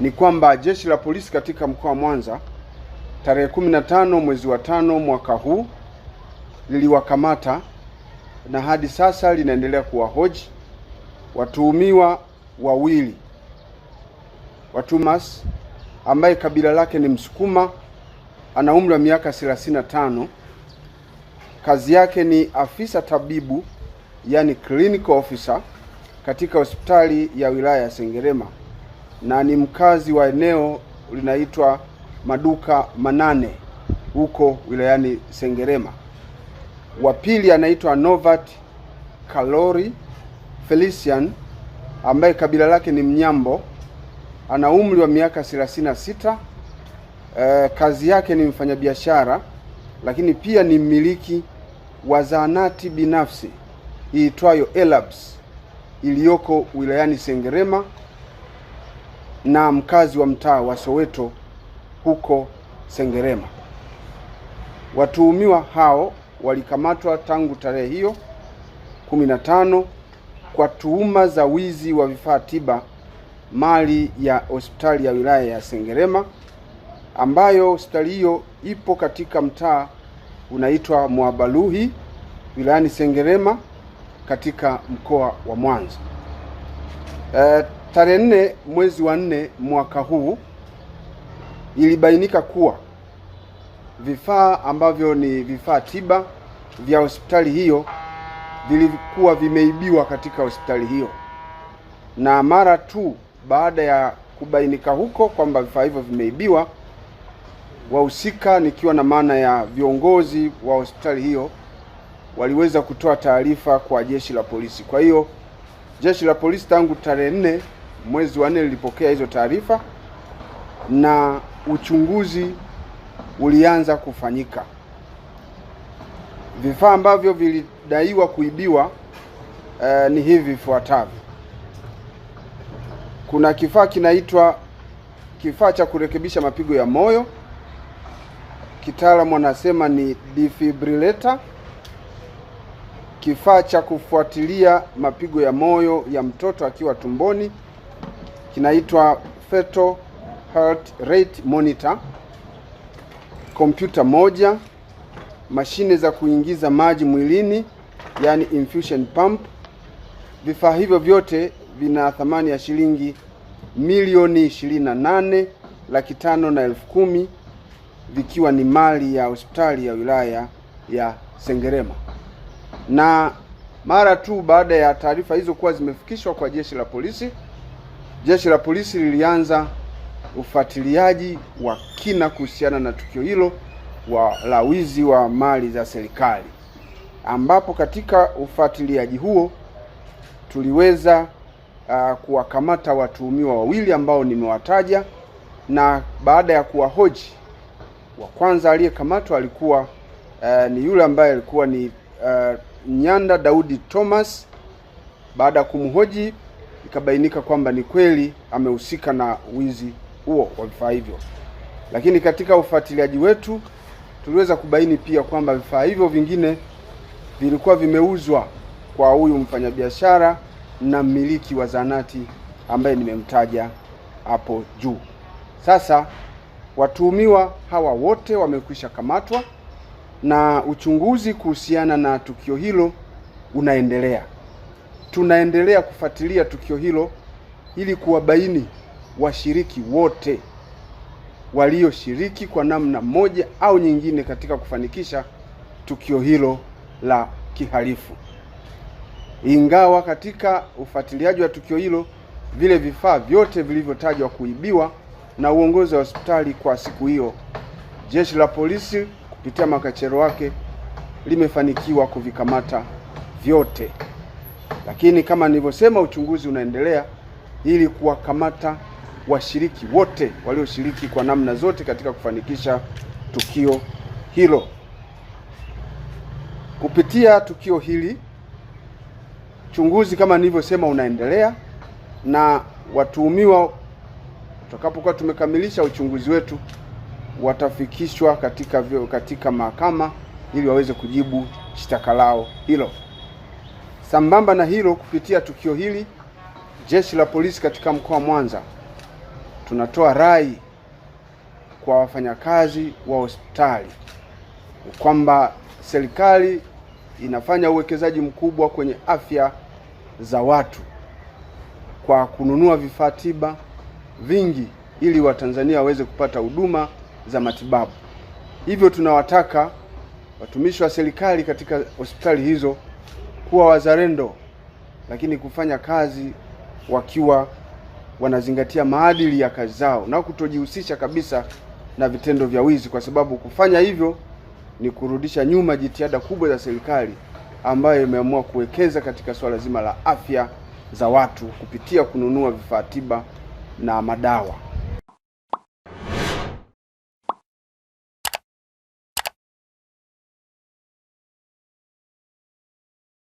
ni kwamba jeshi la polisi katika mkoa wa Mwanza tarehe 15 mwezi wa tano mwaka huu liliwakamata na hadi sasa linaendelea kuwahoji watuhumiwa wawili Watumas ambaye kabila lake ni Msukuma, ana umri wa miaka 35, kazi yake ni afisa tabibu, yani clinical officer katika hospitali ya wilaya ya Sengerema na ni mkazi wa eneo linaitwa Maduka Manane huko wilayani Sengerema. Wa pili anaitwa Novat Kalori Felician ambaye kabila lake ni Mnyambo, ana umri wa miaka 36. E, eh, kazi yake ni mfanyabiashara lakini pia ni mmiliki wa zahanati binafsi iitwayo Elabs iliyoko wilayani Sengerema na mkazi wa mtaa wa Soweto huko Sengerema. Watuhumiwa hao walikamatwa tangu tarehe hiyo 15 kwa tuhuma za wizi wa vifaa tiba mali ya hospitali ya wilaya ya Sengerema ambayo hospitali hiyo ipo katika mtaa unaitwa Mwabaluhi wilayani Sengerema katika mkoa wa Mwanza. E, Tarehe nne mwezi wa nne mwaka huu ilibainika kuwa vifaa ambavyo ni vifaa tiba vya hospitali hiyo vilikuwa vimeibiwa katika hospitali hiyo, na mara tu baada ya kubainika huko kwamba vifaa hivyo vimeibiwa, wahusika nikiwa na maana ya viongozi wa hospitali hiyo waliweza kutoa taarifa kwa jeshi la polisi. Kwa hiyo jeshi la polisi tangu tarehe nne mwezi wa nne lilipokea hizo taarifa na uchunguzi ulianza kufanyika. Vifaa ambavyo vilidaiwa kuibiwa eh, ni hivi vifuatavyo. Kuna kifaa kinaitwa kifaa cha kurekebisha mapigo ya moyo, kitaalamu anasema ni defibrillator, kifaa cha kufuatilia mapigo ya moyo ya mtoto akiwa tumboni kinaitwa fetal heart rate monitor, kompyuta moja, mashine za kuingiza maji mwilini, yani infusion pump. Vifaa hivyo vyote vina thamani ya shilingi milioni 28 laki tano na elfu kumi vikiwa ni mali ya hospitali ya wilaya ya Sengerema. Na mara tu baada ya taarifa hizo kuwa zimefikishwa kwa jeshi la polisi Jeshi la polisi lilianza ufuatiliaji wa kina kuhusiana na tukio hilo wa la wizi wa mali za serikali, ambapo katika ufuatiliaji huo tuliweza uh, kuwakamata watuhumiwa wawili ambao nimewataja, na baada ya kuwahoji, wa kwanza aliyekamatwa alikuwa uh, ni yule ambaye alikuwa ni uh, Nyanda Daudi Thomas. Baada ya kumhoji ikabainika kwamba ni kweli amehusika na wizi huo wa vifaa hivyo. Lakini katika ufuatiliaji wetu tuliweza kubaini pia kwamba vifaa hivyo vingine vilikuwa vimeuzwa kwa huyu mfanyabiashara na mmiliki wa zanati ambaye nimemtaja hapo juu. Sasa watuhumiwa hawa wote wamekwisha kamatwa na uchunguzi kuhusiana na tukio hilo unaendelea tunaendelea kufuatilia tukio hilo ili kuwabaini washiriki wote walioshiriki kwa namna moja au nyingine katika kufanikisha tukio hilo la kihalifu. Ingawa katika ufuatiliaji wa tukio hilo vile vifaa vyote vilivyotajwa kuibiwa na uongozi wa hospitali kwa siku hiyo, jeshi la polisi kupitia makachero wake limefanikiwa kuvikamata vyote. Lakini kama nilivyosema, uchunguzi unaendelea ili kuwakamata washiriki wote walioshiriki kwa namna zote katika kufanikisha tukio hilo. Kupitia tukio hili, uchunguzi kama nilivyosema unaendelea, na watuhumiwa tutakapokuwa tumekamilisha uchunguzi wetu watafikishwa katika, katika mahakama ili waweze kujibu shtaka lao hilo. Sambamba na hilo, kupitia tukio hili, jeshi la polisi katika mkoa wa Mwanza tunatoa rai kwa wafanyakazi wa hospitali kwamba serikali inafanya uwekezaji mkubwa kwenye afya za watu kwa kununua vifaa tiba vingi ili Watanzania waweze kupata huduma za matibabu. Hivyo tunawataka watumishi wa serikali katika hospitali hizo kuwa wazalendo, lakini kufanya kazi wakiwa wanazingatia maadili ya kazi zao na kutojihusisha kabisa na vitendo vya wizi, kwa sababu kufanya hivyo ni kurudisha nyuma jitihada kubwa za serikali ambayo imeamua kuwekeza katika swala zima la afya za watu kupitia kununua vifaa tiba na madawa.